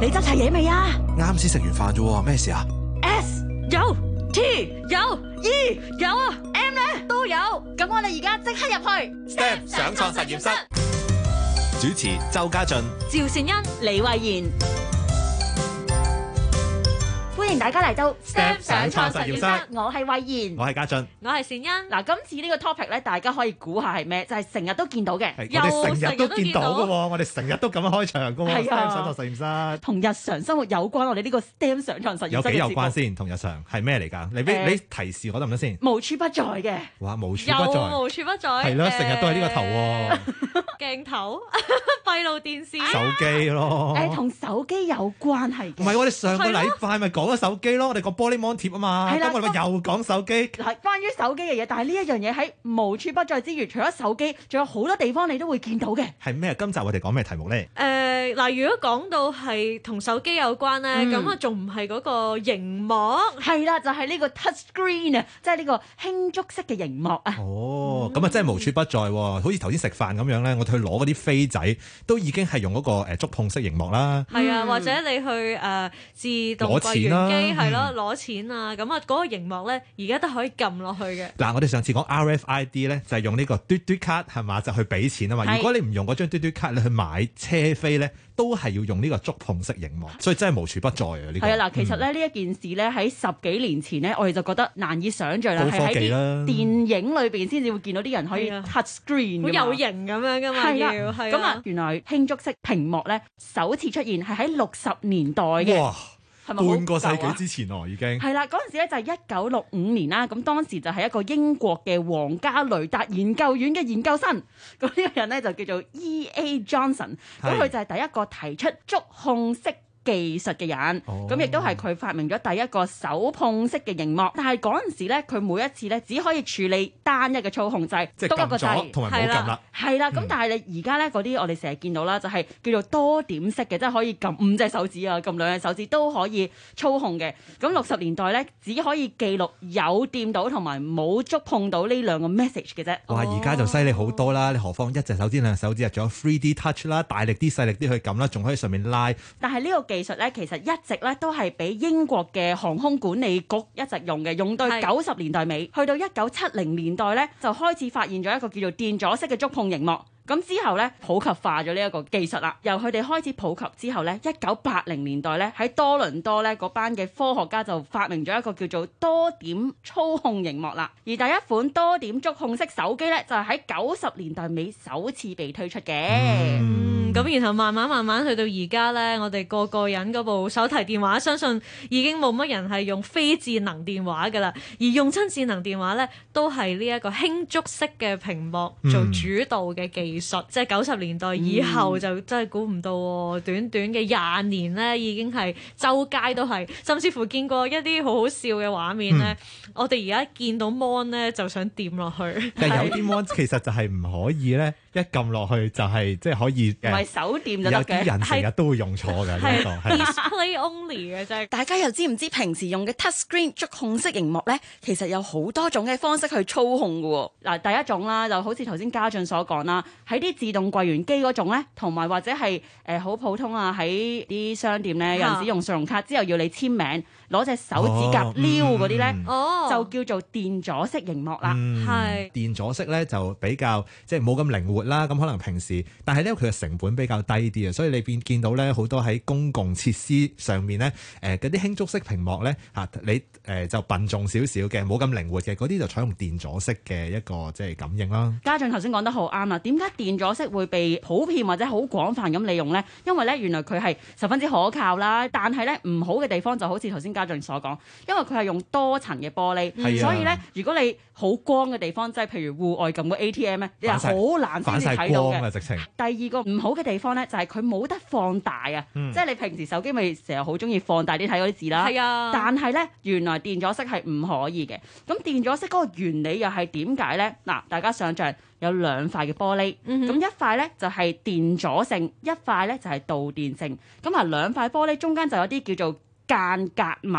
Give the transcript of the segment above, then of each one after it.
你執齊嘢未啊？啱先食完飯啫，咩事啊？S 有，T 有，E 有啊，M 咧都有，咁我哋而家即刻入去。STEM 上創實驗室主持：周家俊、趙善恩、李慧嫻。歡迎大家嚟到 STEM 上創實驗室，我係魏然，我係家俊，我係善恩。嗱，今次呢個 topic 咧，大家可以估下係咩？就係成日都見到嘅，我哋成日都見到嘅喎，我哋成日都咁樣開場嘅喎。上創實驗室同日常生活有關，我哋呢個 STEM 上創實驗室有幾有關先？同日常係咩嚟㗎？你俾你提示我得唔得先？無處不在嘅，哇！無處不在，無處不在，係咯，成日都係呢個頭鏡頭、閉路電視、手機咯，誒，同手機有關係嘅。唔係，我哋上個禮拜咪講咗。手機咯，我哋個玻璃膜貼啊嘛，咁係啦我哋又講手機。嗱，關於手機嘅嘢，但係呢一樣嘢喺無處不在之餘，除咗手機，仲有好多地方你都會見到嘅。係咩？今集我哋講咩題目咧？誒、呃，嗱、呃，如果講到係同手機有關咧，咁啊、嗯，仲唔係嗰個螢幕？係啦、嗯，就係、是、呢個 touch screen 啊，即係呢個輕觸式嘅螢幕啊。哦，咁啊，真係無處不在喎。嗯、好似頭先食飯咁樣咧，我哋去攞嗰啲飛仔，都已經係用嗰個誒觸碰式螢幕啦。係啊，或者你去誒、呃、自動攞錢啦、啊。係咯，攞、嗯、錢啊！咁啊，嗰個熒幕咧，而家都可以撳落去嘅。嗱，我哋上次講 RFID 咧，就係、用呢個嘟嘟卡係嘛，就去俾錢啊嘛。是如果你唔用嗰張嘟嘟卡，Card，你去買車飛咧，都係要用呢個觸碰式熒幕，所以真係無處不在啊！呢、這個係啊，嗱，其實咧呢、嗯、一件事咧，喺十幾年前咧，我哋就覺得難以想象啦，係喺啲電影裏邊先至會見到啲人可以 touch screen，好有型咁樣噶嘛，的要係啊，原來輕觸式屏幕咧，首次出現係喺六十年代嘅。是是啊，半個世紀之前喎，啊，已經係啦。嗰陣時咧，就係一九六五年啦。咁當時就係一個英國嘅皇家雷達研究院嘅研究生。咁呢個人咧就叫做 E. A. Johnson 的。咁佢就係第一個提出觸控式。技術嘅人，咁、oh. 亦都係佢發明咗第一個手碰式嘅熒幕。但係嗰陣時呢，佢每一次呢，只可以處理單一嘅操控掣，即係篤一個掣，同埋冇撳啦，係啦的。咁、嗯、但係你而家呢嗰啲，我哋成日見到啦，就係叫做多點式嘅，即、就、係、是、可以撳五隻手指啊，撳兩隻手指都可以操控嘅。咁六十年代呢，只可以記錄有掂到同埋冇觸碰到呢兩個 message 嘅啫。哇！而家就犀利好多啦，你何況一隻手指兩隻手指入咗 three D touch 啦，大力啲細力啲去撳啦，仲可以上面拉。但係呢、呢個。技術咧，其實一直咧都係俾英國嘅航空管理局一直用嘅，用到九十年代尾，是去到一九七零年代咧，就開始發現咗一個叫做電阻式嘅觸控熒幕。咁之後呢，普及化咗呢一個技術啦。由佢哋開始普及之後呢，一九八零年代呢，喺多倫多呢嗰班嘅科學家就發明咗一個叫做多點操控熒幕啦。而第一款多點觸控式手機呢，就係喺九十年代尾首次被推出嘅。Mm. 嗯，咁然後慢慢慢慢去到而家呢，我哋個個人嗰部手提電話，相信已經冇乜人係用非智能電話噶啦。而用親智能電話呢，都係呢一個輕觸式嘅屏幕做主導嘅技。Mm. 技術，即係九十年代以後就真係估唔到、啊，嗯、短短嘅廿年咧，已經係周街都係，甚至乎見過一啲好好笑嘅畫面咧。嗯、我哋而家見到 mon 咧，就想掂落去。但係有啲 mon 其實就係唔可以咧。 一撳落去就係即係可以，唔係是、呃、手掂就得嘅。而有啲人成日都會用錯嘅呢一個。Display only 嘅啫。大家又知唔知平時用嘅 touch screen 觸控式屏幕咧，其實有好多種嘅方式去操控嘅喎、哦。嗱，第一種啦，就好似頭先家俊所講啦，喺啲自動櫃員機嗰種咧，同埋或者係誒好普通啊，喺啲商店咧，有陣時用信用卡之後要你簽名。 攞隻手指甲撩嗰啲咧，哦嗯、就叫做電阻式熒幕啦。係、嗯、是電阻式咧就比較即係冇咁靈活啦。咁可能平時，但係呢，佢嘅成本比較低啲啊，所以你見見到咧好多喺公共設施上面咧，誒嗰啲輕觸式屏幕咧嚇、啊、你誒、呃、就笨重少少嘅，冇咁靈活嘅，嗰啲就採用電阻式嘅一個即係、就是、感應啦。家俊頭先講得好啱啊！點解電阻式會被普遍或者好廣泛咁利用咧？因為咧原來佢係十分之可靠啦，但係咧唔好嘅地方就好似頭先所講，因為佢係用多層嘅玻璃，嗯、所以咧，如果你好光嘅地方，即係譬如戶外咁嘅 ATM 咧，你係好難先至睇到嘅。直情。第二個唔好嘅地方咧，就係佢冇得放大啊！嗯、即係你平時手機咪成日好中意放大啲睇嗰啲字啦。係啊、嗯，但係咧，原來電阻式係唔可以嘅。咁電阻式嗰個原理又係點解咧？嗱，大家想象有兩塊嘅玻璃，咁、嗯、哼一塊咧就係電阻性，一塊咧就係導電性。咁啊，兩塊玻璃中間就有啲叫做。間隔物，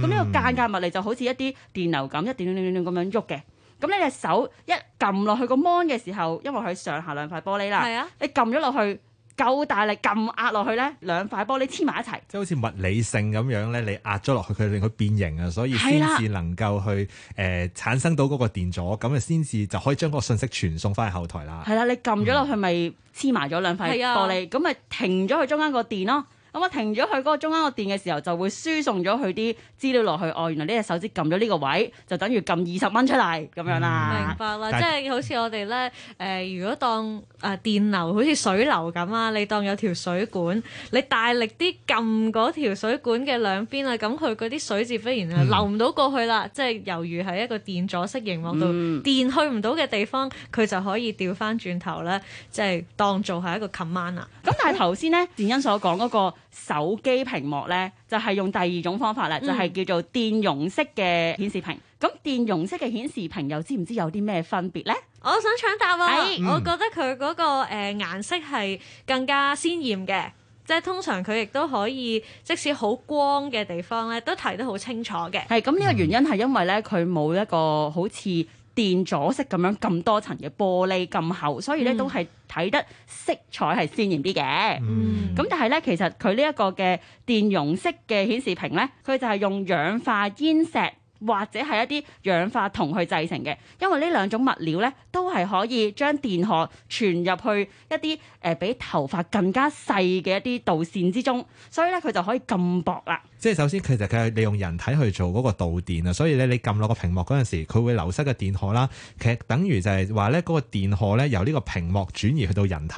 咁呢、嗯、個間隔物嚟，就好似一啲電流咁，嗯、一電電電電咁樣喐嘅。咁你隻手一撳落去個芒嘅時候，因為佢上下兩塊玻璃啦，啊、你撳咗落去，夠大力撳壓落去咧，兩塊玻璃黐埋一齊。即係好似物理性咁樣咧，你壓咗落去，佢令佢變形啊，所以先至能夠去誒、啊呃、產生到嗰個電阻，咁啊先至就可以將嗰個信息傳送翻去後台啦。係啦、啊，你撳咗落去咪黐埋咗兩塊玻璃，咁咪、啊、停咗佢中間個電咯。咁我停咗佢嗰個中間個電嘅時候，就會輸送咗佢啲資料落去。哦，原來呢隻手指撳咗呢個位，就等於撳二十蚊出嚟咁樣啦。嗯、明白啦，但係即係好似我哋咧誒，如果當。啊電流好似水流咁啊，你當有條水管，你大力啲撳嗰條水管嘅兩邊啊，咁佢嗰啲水自然啊流唔到過去啦。嗯、即係猶如喺一個電阻式熒幕度，嗯、電去唔到嘅地方，佢就可以調翻轉頭咧。即係當做係一個 command 啊。咁、嗯、但係頭先呢，善恩所講嗰個手機屏幕呢，就係、是、用第二種方法咧，就係、是、叫做電容式嘅顯示屏。咁電容式嘅顯示屏又知唔知有啲咩分別呢？我想搶答、啊哎、我覺得佢嗰個誒顏色係更加鮮豔嘅，即係通常佢亦都可以即使好光嘅地方咧，都睇得好清楚嘅。係。咁呢個原因係因為咧，佢冇一個好似電阻式咁樣咁多層嘅玻璃咁厚，所以咧都係睇得色彩係鮮豔啲嘅。咁、嗯、但係咧，其實佢呢一個嘅電容式嘅顯示屏咧，佢就係用氧化銦錫。或者係一啲氧化銅去製成嘅，因為呢兩種物料咧都係可以將電荷傳入去一啲誒比頭髮更加細嘅一啲導線之中，所以咧佢就可以咁薄啦。即係首先其實佢係利用人體去做嗰個導電啊，所以咧你撳落個屏幕嗰陣時，佢會流失嘅電荷啦，其實等於就係話咧嗰個電荷咧由呢個屏幕轉移去到人體，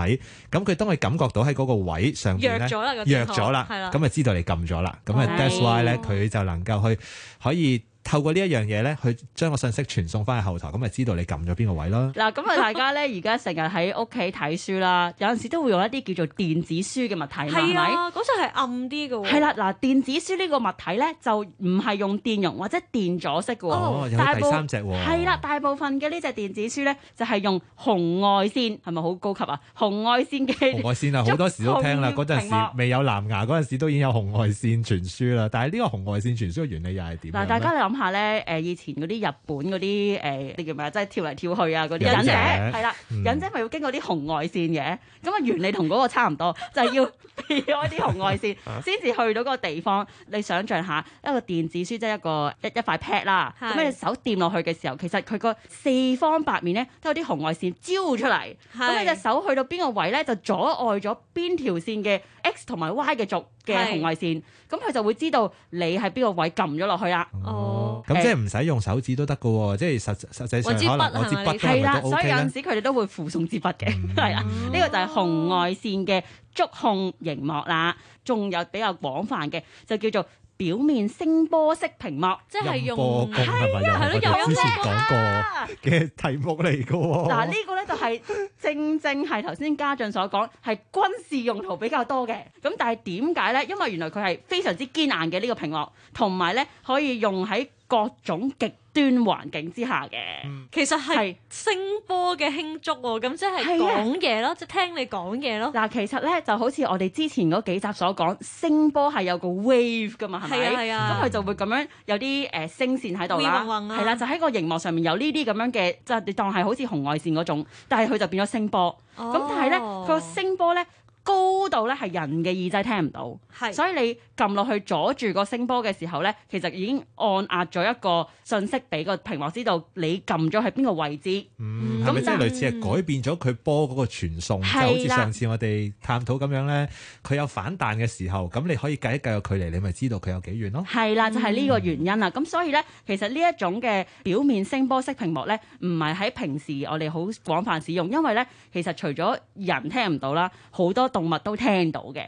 咁佢當佢感覺到喺嗰個位上弱咗啦，弱咗啦，咁啊知道你撳咗啦，咁啊 that's why 咧佢就能夠去可以。透過呢一樣嘢咧，去將個信息傳送翻去後台，咁咪知道你撳咗邊個位咯。嗱，咁啊，大家咧而家成日喺屋企睇書啦，有陣時都會用一啲叫做電子書嘅物體，係咪、啊？嗰陣係暗啲嘅喎。係啦、啊，嗱、啊，電子書呢個物體咧就唔係用電容或者電阻式嘅喎。有第三隻喎、哦。係啦、啊，大部分嘅呢隻電子書咧就係、係、用紅外線，係咪好高級啊？紅外線嘅紅外線啊，好多時都聽啦，嗰陣時未有藍牙嗰陣時都已經有紅外線傳輸啦。但係呢個紅外線傳輸嘅原理又係點？嗱，大家諗。下咧，誒以前嗰啲日本嗰啲誒，你、欸、叫咩啊？即係跳嚟跳去啊！嗰啲忍者係啦，忍了、嗯、者咪要經過啲紅外線嘅，咁啊原理同嗰個差唔多， 就係要避開啲紅外線，先至去到嗰個地方。你想象下一個電子書即係一個一一塊 pad 啦，咁是你手掂落去嘅時候，其實佢個四方八面咧都有啲紅外線照出嚟。咁是你隻手去到邊個位咧，就阻礙咗邊條線嘅 X 同埋 Y 嘅軸嘅紅外線，咁佢是就會知道你喺邊個位撳咗落去啦。哦。咁、嗯、即係唔使用手指都得㗎喎，即係實實際上我支筆係啦，所以有陣時佢哋都會附送支筆嘅，係啦。呢個就係紅外線嘅觸控螢幕啦，仲有比較廣泛嘅就叫做表面聲波式屏幕，即係用，係咪啊？之前講過嘅題目嚟㗎。嗱呢個咧就係正正係頭先嘉俊所講，係軍事用途比較多嘅。咁但係點解咧？因為原來佢係非常之堅硬嘅呢、呢個屏幕，同埋咧可以用喺。各種極端環境之下嘅，嗯、其實係聲波嘅輕觸喎，咁是即係講嘢咯，的即係聽你講嘢咯。嗱，其實咧就好似我哋之前嗰幾集所講，聲波係有個 wave 㗎嘛，係咪的？係的、呃、啊，咁佢就會咁樣有啲誒聲線喺度啦，係啦，就喺個熒幕上面有呢啲咁樣嘅，即係你當係好似紅外線嗰種，但係佢就變咗聲波。咁、哦、但係咧，嗰個聲波咧。高度咧係人嘅耳仔聽唔到，係是，所以你撳落去阻住個聲波嘅時候咧，其實已經按壓咗一個信息俾個屏幕知道你撳咗喺邊個位置。嗯，咁、嗯、即係類似係改變咗佢波嗰個傳送。的就好似上次我哋探討咁樣咧，佢有反彈嘅時候，咁你可以計一計個距離，你咪知道佢有幾遠咯。係啦，就係、是、呢個原因啦。咁、嗯、所以咧，其實呢一種嘅表面聲波式屏幕咧，唔係喺平時我哋好廣泛使用，因為咧，其實除咗人聽唔到啦，好多。動物都聽到嘅，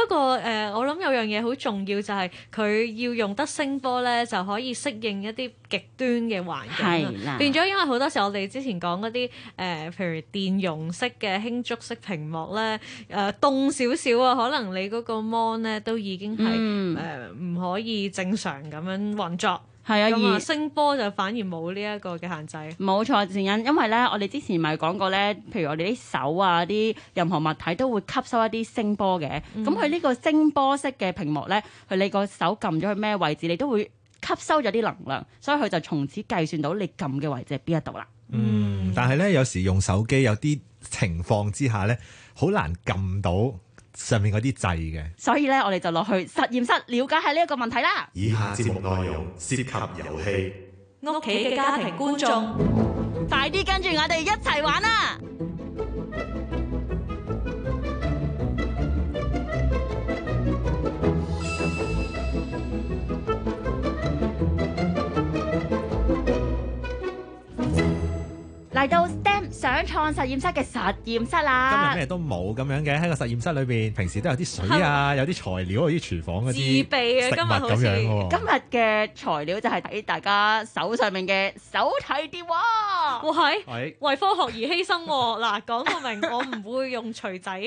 不過誒、呃，我諗有樣嘢好重要就係、係、佢要用得聲波咧，就可以適應一啲極端嘅環境。係啦，變咗因為好多時候我哋之前講嗰啲誒，譬如電容式嘅輕觸式屏幕咧，誒凍少少啊，可能你嗰個 mon 咧都已經係誒唔可以正常咁樣運作。係啊，而聲波就反而冇呢一個嘅限制。冇錯，靜因，因為呢，我哋之前咪講過呢，譬如我哋啲手啊，啲任何物體都會吸收一啲聲波嘅。咁佢呢個聲波式嘅屏幕呢，佢你個手撳咗去咩位置，你都會吸收咗啲能量，所以佢就從此計算到你撳嘅位置喺邊一度啦。嗯，但係呢，有時用手機有啲情況之下呢，好難撳到。上面嗰啲掣嘅，所以咧，我哋就落去實驗室了解下呢一個問題啦。以下節目內容涉及遊戲，屋企嘅家庭觀眾， 快啲跟住我哋一齊玩啦！嚟到。上創實驗室嘅實驗室啦，今日咩都冇咁樣嘅，喺個實驗室裏邊，平時都有啲水啊，有啲材料有啊，啲廚房嘅啲自備啊，今日、啊、今日嘅材料就係大家手上面嘅手提電話，哇係，係為科學而犧牲嗱、啊， 講到明我唔會用錘仔，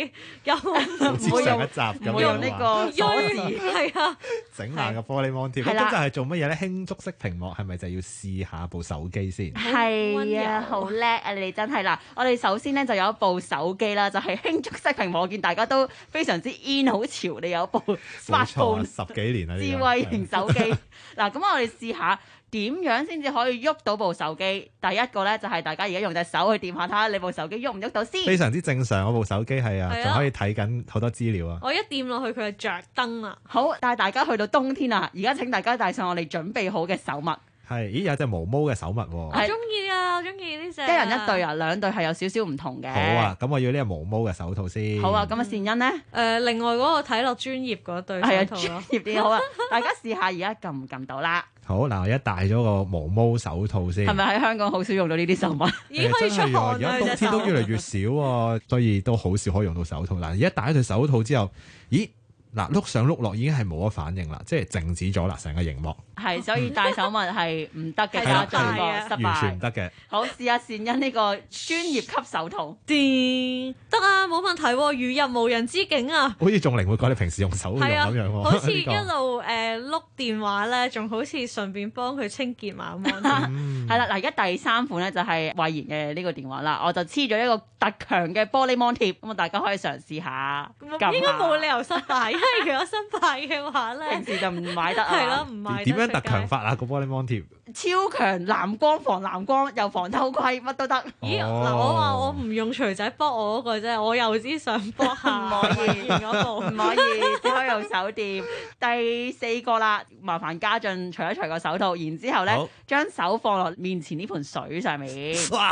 又唔會用，一集，唔用呢、呢個，所以係啊，整爛個玻璃膜貼，咁的就係做乜嘢咧？輕觸式屏幕，係咪就要試下部手機先？係啊，好叻啊，你哋真係～係啦，我哋首先咧就有一部手機啦，就係輕觸式屏幕，我見大家都非常之 in，好潮。你有一部、啊、十幾年部、啊、智慧型手機，嗱， 咁我哋試下點樣先至可以喐到部手機。第一個咧就係、是、大家而家用隻手去掂下，睇下你部手機喐唔喐到先。非常之正常，我部手機係啊，仲可以睇緊好多資料啊。我一掂落去佢就着燈啦。好，帶大家去到冬天啦，而家請大家戴上我哋準備好嘅手襪。係，咦有隻毛毛嘅手襪喎、喔，是我中意啊，我中意呢隻，一人一對啊，兩對係有少少唔同嘅。好啊，咁我要呢個毛毛嘅手套先。好啊，咁啊善恩呢？誒、呃、另外嗰、那個睇落專業嗰對手套咯、啊，專業啲 好啊，大家試下而家撳唔撳到啦。 好嗱，我而家戴咗個毛毛手套先。係咪喺香港好少用到呢啲手襪？已經開始出汗。而家冬天都越嚟越少喎、喔， 所以都好少可以用到手套。但而家戴咗對手套之後，咦？嗱，碌上碌落已經係冇乜反應啦，即係靜止咗啦，成個熒幕。係，所以戴手襪係唔得嘅，就係失敗。完全唔得嘅。好，試下善恩呢個專業級手套。掂得啊，冇問題，如入無人之境啊！好似仲靈活過你平時用手咁樣喎。好似一路誒碌電話咧，仲好似順便幫佢清潔埋咁啦。係啦，嗱，而家第三款咧就係慧妍嘅呢個電話啦，我就黐咗一個特強嘅玻璃膜貼，咁啊大家可以嘗試下，咁應該冇理由失敗。即係 如果新派嘅話咧，平時就唔買得啊。係咯 唔買。點樣特強法啊？ 個玻璃 mon 貼。超強藍光防藍光，又防偷窺乜都得。咦嗱，oh. 我話我唔用錘仔卜我嗰個啫，我又知上卜下，唔可以，嗰 部唔可以，只 可以用手掂。第四個啦，麻煩嘉俊除一除個手套，然之後咧將好手放落面前呢盆水上面。哇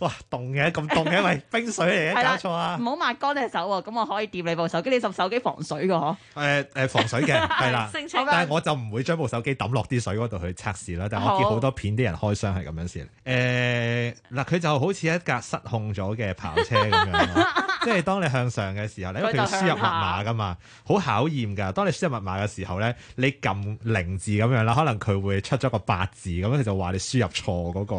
哇凍嘅，咁凍嘅咪冰水嚟啊！搞錯啊！唔好 抹乾隻手喎，咁我可以掂你部手機。你部手機防水嘅嗬？誒誒、呃、防水嘅係啦，但係我就唔會將部手機抌落啲水嗰度去測試啦，就。見好多片啲人開箱係咁樣先，誒嗱佢就好似一架失控咗嘅跑車咁樣， 即係當你向上嘅時候，你因為佢要輸入密碼噶嘛，好考驗噶。當你輸入密碼嘅時候咧，你撳零字咁樣啦，可能佢會出咗個八字，咁佢就話你輸入錯嗰個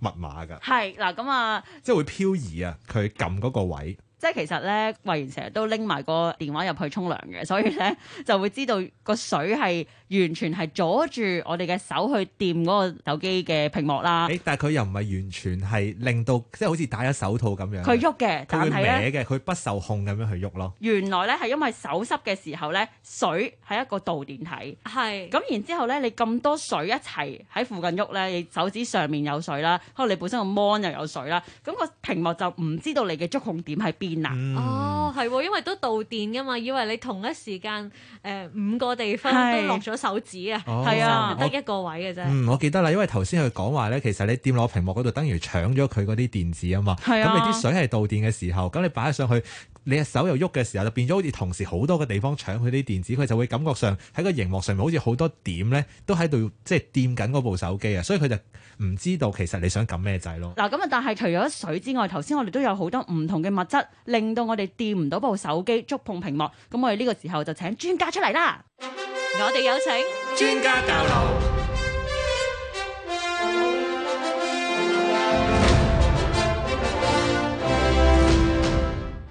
密碼噶。係嗱咁啊，即係會漂移啊，佢撳嗰個位。即係其實咧，慧賢成日都拎埋個電話入去沖涼嘅，所以咧就會知道個水係完全係阻住我哋嘅手去掂嗰個手機嘅屏幕啦。誒，但係佢又唔係完全係令到，即係好似戴咗手套咁樣。佢喐嘅，佢會歪嘅，佢不受控咁樣去喐咯。原來咧係因為手濕嘅時候咧，水係一個導電體。係。咁然之後咧，你咁多水一齊喺附近喐咧，你手指上面有水啦，可能你本身個芒又有水啦，咁個屏幕就唔知道你嘅觸控點係邊。電啊！嗯、哦，係、哦，因為都導電㗎嘛，以為你同一時間誒、呃、五個地方都落咗手指啊，係啊是，得、哦、一個位嘅啫。嗯，我記得啦，因為頭先佢講話咧，其實你掂落屏幕嗰度，等於搶咗佢嗰啲電子啊嘛。係啊，咁你啲水係導電嘅時候，咁你擺上去。你隻手又喐嘅時候，就變咗好似同時好多個地方搶佢啲電子，佢就會感覺上喺個熒幕上面好似好多點咧，都喺度即係掂緊嗰部手機啊，所以佢就唔知道其實你想撳咩掣咯。嗱，咁啊，但係除咗水之外，頭先我哋都有好多唔同嘅物質令到我哋掂唔到部手機觸碰屏幕，咁我哋呢個時候就請專家出嚟啦。我哋有請專家教路。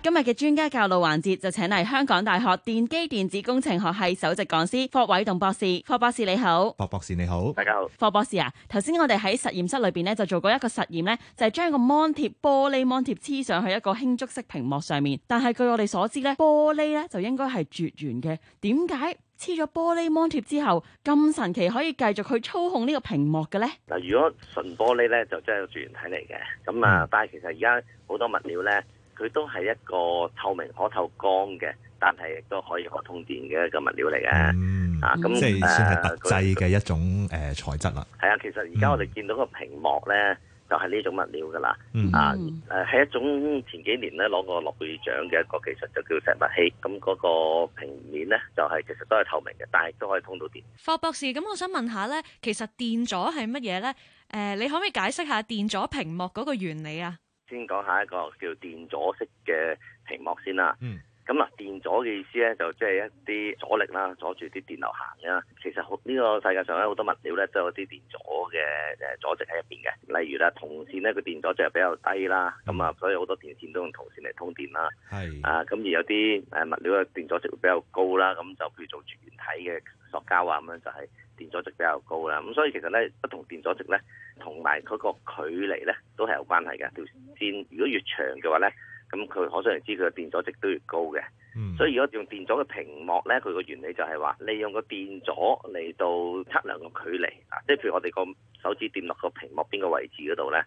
今日嘅專家教路環節就請嚟香港大學電機電子工程學系首席講師霍偉棟博,博士。霍博士你好，霍博士你好，大家好。霍博士啊，頭先我哋喺實驗室裏邊咧就做過一個實驗咧，就係將個芒貼玻璃芒貼黐上去一個輕觸式屏幕上面。但係據我哋所知咧，玻璃咧就應該係絕緣嘅。點解黐咗玻璃芒貼之後咁神奇可以繼續去操控呢個屏幕嘅咧？嗱，如果純玻璃咧就真係絕緣體嚟嘅。咁啊，但係其實而家好多物料咧。佢都係一個透明可透光嘅，但係亦都可以可通電嘅一個物料嚟嘅。嗯、啊，咁即係算係特製嘅一種誒材質啦。係啊、嗯，其實而家我哋見到個屏幕咧，就係呢種物料噶啦。嗯、啊，誒係一種前幾年咧攞過諾貝爾獎嘅一個技術，就叫石墨烯。咁嗰個平面咧，就係其實都係透明嘅，但係亦都可以通到電。霍博士，咁我想問下咧，其實電阻係乜嘢咧？誒，你可唔可以解釋下電阻屏幕嗰個原理啊？先講下一個叫電阻式嘅屏幕先啦。嗯。咁啊，電阻嘅意思咧，就即係一啲阻力啦，阻住啲電流行啦。其實好呢個世界上咧，好多物料咧都有啲電阻嘅誒阻值喺入邊嘅。例如啦，銅線咧個電阻值比較低啦，咁啊、嗯，所以好多電線都用銅線嚟通電啦。係啊是，咁而有啲誒物料嘅電阻值會比較高啦，咁就叫如做絕緣體嘅塑膠啊咁樣，就係電阻值比較高啦。咁、就是、所以其實咧，不同電阻值咧，同埋佢個距離咧，都係有關係嘅。條線如果越長嘅話咧。咁佢、嗯、可想而知，佢嘅電阻值都越高嘅。嗯，所以如果用電阻嘅屏幕咧，佢個原理就係話，利用個電阻嚟到測量個距離啊。即係譬如我哋個手指掂落個屏幕邊個位置嗰度咧。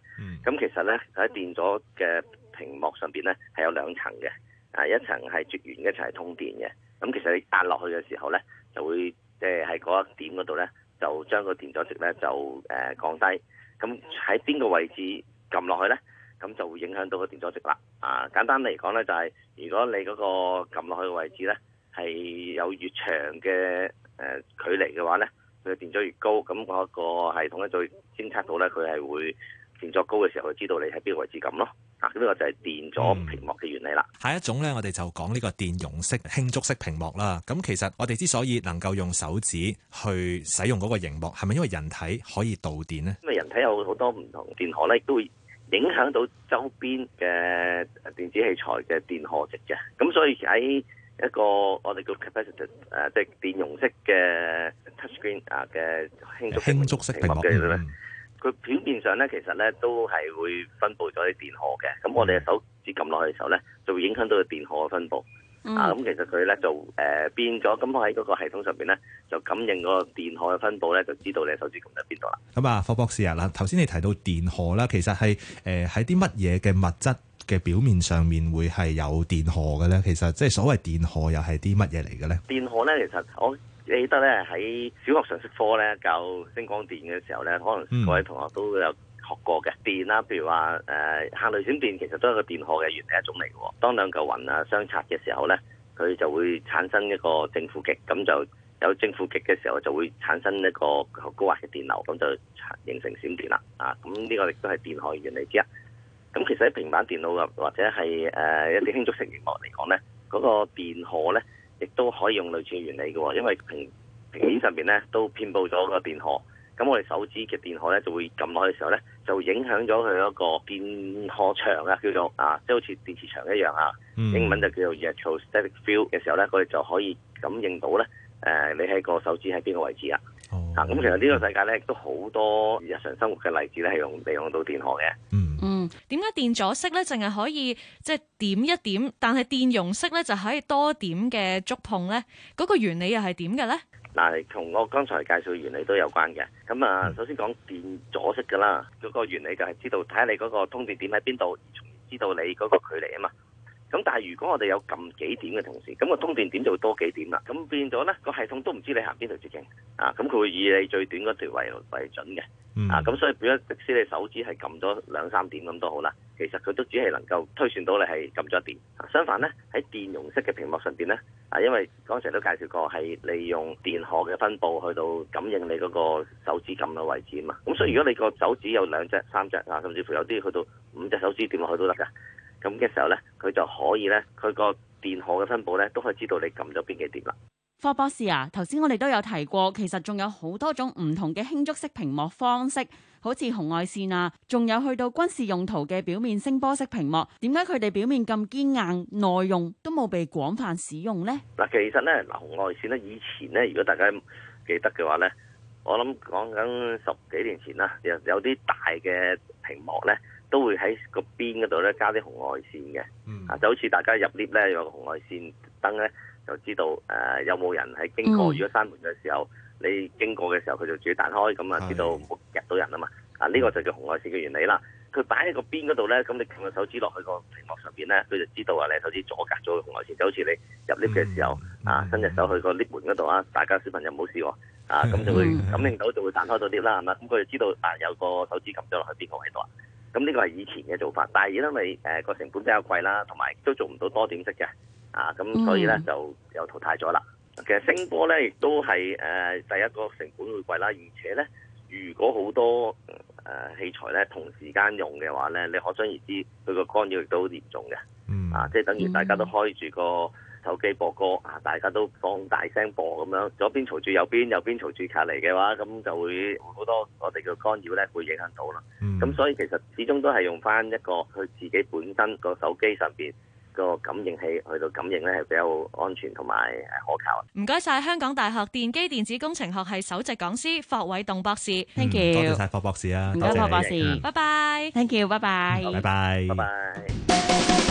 咁、嗯、其實咧喺電阻嘅屏幕上邊咧係有兩層嘅，啊一層係絕緣，一層係通電嘅。咁其實你撻落去嘅時候咧，就會即係喺嗰一點嗰度咧，就將個電阻值咧就誒降低。咁喺邊個位置撳落去咧？咁就會影響到個電阻值啦。啊，簡單嚟講咧，就係、是、如果你嗰個撳落去嘅位置咧，係有越長嘅誒、呃、距離嘅話咧，佢嘅電阻越高，咁嗰個系統咧就偵測到咧，佢係會電阻高嘅時候，佢知道你喺邊個位置撳咯。啊，呢、這個就係電阻屏幕嘅原理啦、嗯。下一種咧，我哋就講呢個電容式、輕觸式屏幕啦。咁其實我哋之所以能夠用手指去使用嗰個熒幕，係咪因為人體可以導電咧？因為人體有好多唔同電荷咧，都會。影響到周邊嘅電子器材嘅電荷值嘅，咁所以喺一個我哋叫 capacitor，即、呃、係電容式嘅 touchscreen 啊、呃、嘅輕觸式屏幕咧，佢表面上咧其實咧都係會分布咗啲電荷嘅，咁我哋嘅手指撳落去嘅時候咧，就會影響到個電荷嘅分布。嗯、啊，咁其實佢咧就誒、呃、變咗，咁喺嗰個系統上邊咧，就感應嗰個電荷嘅分布咧，就知道你手指根喺邊度啦。咁啊、嗯，霍博士啊，嗱，頭先你提到電荷啦，其實係誒喺啲乜嘢嘅物質嘅表面上面會係有電荷嘅咧，其實即係所謂電荷又係啲乜嘢嚟嘅咧？電荷咧，其實我記得咧喺小學常識科咧教聲光電嘅時候咧，可能各位同學都有學過嘅電啦、啊，譬如話誒，行、呃、雷閃電其實都係個電荷嘅原理一種嚟嘅、哦。當兩嚿雲啊相插嘅時候咧，佢就會產生一個正負極，咁就有正負極嘅時候就會產生一個高壓嘅電流，咁就形成閃電啦。啊，咁呢個亦都係電荷原理之一。咁其實喺平板電腦啊，或者係誒、呃、一啲輕觸式屏幕嚟講咧，嗰、那個電荷咧亦都可以用類似原理嘅、哦，因為平平面上面咧都遍佈咗個電荷。咁我哋手指嘅電荷咧就會撳落去嘅時候咧，就影響咗佢一個電荷場啊，叫做啊，即係好似電磁場一樣啊。嗯、英文就叫做 electrostatic field 嘅時候咧，佢就可以感應到咧，誒、呃，你喺個手指喺邊個位置啊？哦、啊，咁其實呢個世界咧亦都好多日常生活嘅例子咧係用利用到電荷嘅。嗯嗯，點解電阻式咧淨係可以即係點一點，但係電容式咧就可以多點嘅觸碰咧？嗰、那個原理又係點嘅咧？嗱，同我剛才介紹嘅原理都有關嘅。咁啊，首先講電阻式噶啦，嗰個原理就係知道睇下你嗰個通電點喺邊度，從而知道你嗰個距離啊嘛。咁但係如果我哋有撳幾點嘅同時，咁、個通電點就會多幾點啦。咁變咗呢、呢個系統都唔知你行邊條捷徑啊！咁佢會以你最短嗰條為，為準嘅、嗯、啊！咁所以，即使你手指係撳咗兩三點咁都好啦，其實佢都只係能夠推算到你係撳咗一點、啊、相反呢，喺電容式嘅屏幕上邊呢，啊，因為剛才都介紹過係利用電荷嘅分布去到感應你嗰個手指撳嘅位置啊嘛。咁、啊、所以如果你個手指有兩隻、三隻啊，甚至乎有啲去到五隻手指掂落去都得㗎。咁嘅時候咧，佢就可以咧，佢個電荷嘅分布咧，都可以知道你撳咗邊幾點啦。霍博士啊，頭先我哋都有提過，其實仲有好多種唔同嘅輕觸式屏幕方式，好似紅外線啊，仲有去到軍事用途嘅表面聲波式屏幕。點解佢哋表面咁堅硬、耐用都冇被廣泛使用呢？嗱，其實咧，嗱紅外線咧，以前咧，如果大家記得嘅話咧，我諗講緊十幾年前啦，有有啲大嘅屏幕咧，都會喺個邊嗰度咧加啲紅外線嘅，嗯、啊就好似大家入 lift 咧有個紅外線燈咧，就知道誒、呃、有冇人喺經過。嗯、如果閂門嘅時候，你經過嘅時候，佢就自動彈開，咁啊知道冇夾到人啊嘛。啊呢、呢個就叫紅外線嘅原理啦。佢擺喺個邊嗰度咧，咁你停個手指落去個屏幕上邊咧，佢就知道啊，你手指阻隔咗個紅外線，就好似你入 lift 嘅時候、嗯嗯、啊，伸隻手去個 lift 門嗰度啊，大家小朋友冇事喎、啊。啊咁就會感應到，咁令到就會彈開到 lift 啦，係嘛？咁佢就知道啊，道啊有個手指撳咗落去邊個位度啊。咁呢個係以前嘅做法，但係而家因為誒個成本比較貴啦，同埋都做唔到多點式嘅，啊咁所以咧就又淘汰咗啦。其實聲波咧亦都係誒第一個成本會貴啦，而且咧如果好多誒、呃、器材咧同時間用嘅話咧，你可想而知佢個干擾亦都好嚴重嘅，嗯、啊即係等於大家都開住個手機播歌啊，大家都放大聲播咁樣，左邊嘈住右邊，右邊嘈住隔離嘅話，咁就會好多我哋嘅干擾咧，會影響到啦。咁所以其實始終都係用返一個佢自己本身個手機上邊個感應器去到感應咧，係比較安全同埋可靠。唔該晒，香港大學電機電子工程學系首席講師霍偉棟博士，thank you，多謝霍博士啊，唔該霍博士，拜拜 Bye bye.，thank you，拜拜拜，拜拜。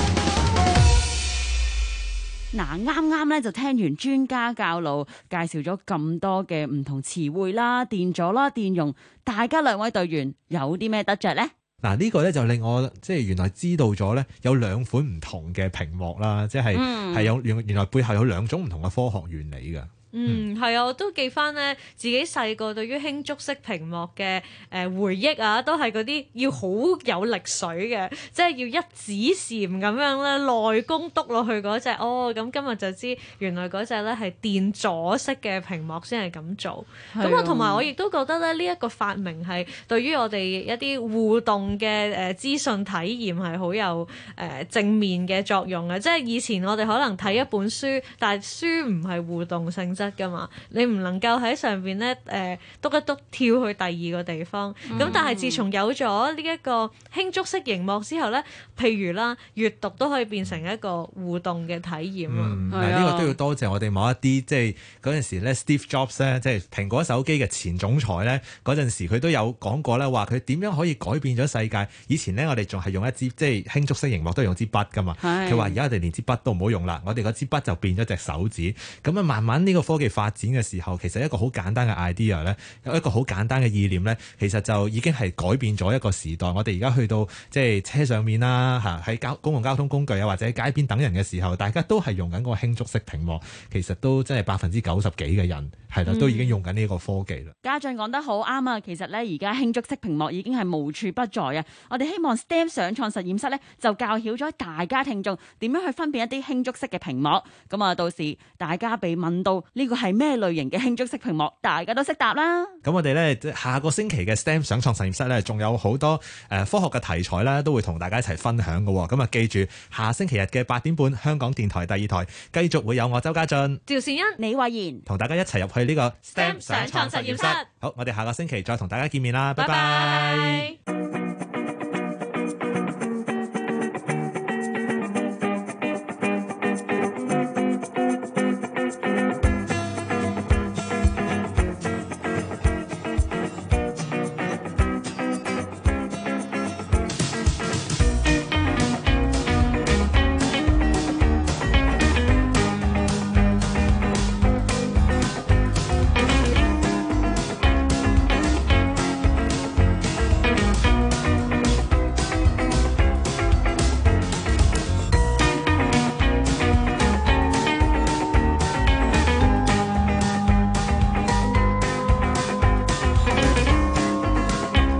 嗱，啱啱咧就聽完專家教路，介紹咗咁多嘅唔同詞彙啦，電阻啦，電容，大家兩位隊員有啲咩得着呢？嗱，呢個呢就令我即係原來知道咗呢有兩款唔同嘅屏幕啦，即係係、嗯、有原原來背後有兩種唔同嘅科學原理嘅。嗯，係啊，我都記翻咧，自己細個對於輕觸式屏幕嘅誒、呃、回憶啊，都係嗰啲要好有力水嘅，即係要一指禪咁樣咧，內功篤落去嗰隻。哦、咁、嗯、今日就知原來嗰隻咧係電阻式嘅屏幕先係咁做。咁我同埋我亦都覺得咧，呢、這、一個發明係對於我哋一啲互動嘅誒、呃、資訊體驗係好有誒、呃、正面嘅作用嘅。即係以前我哋可能睇一本書，但係書唔係互動性。得噶嘛？你唔能夠喺上邊咧誒篤一篤跳去第二個地方。咁但係自從有咗呢一個輕觸式熒幕之後咧，譬如啦，閱讀都可以變成一個互動嘅體驗啊！呢、嗯這個都要多謝我哋某一啲即係嗰陣時咧，Steve Jobs 咧，即係蘋果手機嘅前總裁咧，陣時佢都有講過咧，話佢點樣可以改變咗世界。以前咧是，我哋仲係用一支即係輕觸式熒幕都係用支筆噶嘛。佢話而家我哋連支筆都唔好用啦，我哋支筆就變咗隻手指。咁啊，慢慢呢、這個。科技發展嘅時候，其實一個好簡單嘅 idea 呢，有一個好簡單嘅意念呢，其實就已經係改變咗一個時代。我哋而家去到即係車上面啦，嚇喺交公共交通工具啊，或者街邊等人嘅時候，大家都係用緊嗰個輕觸式屏幕，其實都真係百分之九十幾嘅人係啦，都已經用緊呢一個科技啦、嗯。家長講得好啱啊，其實呢而家輕觸式屏幕已經係無處不在啊！我哋希望 STEM 上創實驗室呢，就教曉咗大家聽眾點樣去分辨一啲輕觸式嘅屏幕。咁啊，到時大家被問到。呢個係咩類型嘅輕觸式屏幕？大家都識答啦。咁我哋呢下個星期嘅 STEM 上創實驗室呢，仲有好多誒、呃、科學嘅題材啦，都會同大家一齊分享嘅、哦。咁啊，記住下星期日嘅八點半，香港電台第二台繼續會有我周家俊、趙善恩、李慧賢同大家一齊入去呢個 STEM 上創實驗室。好，我哋下個星期再同大家見面啦。拜拜。拜拜。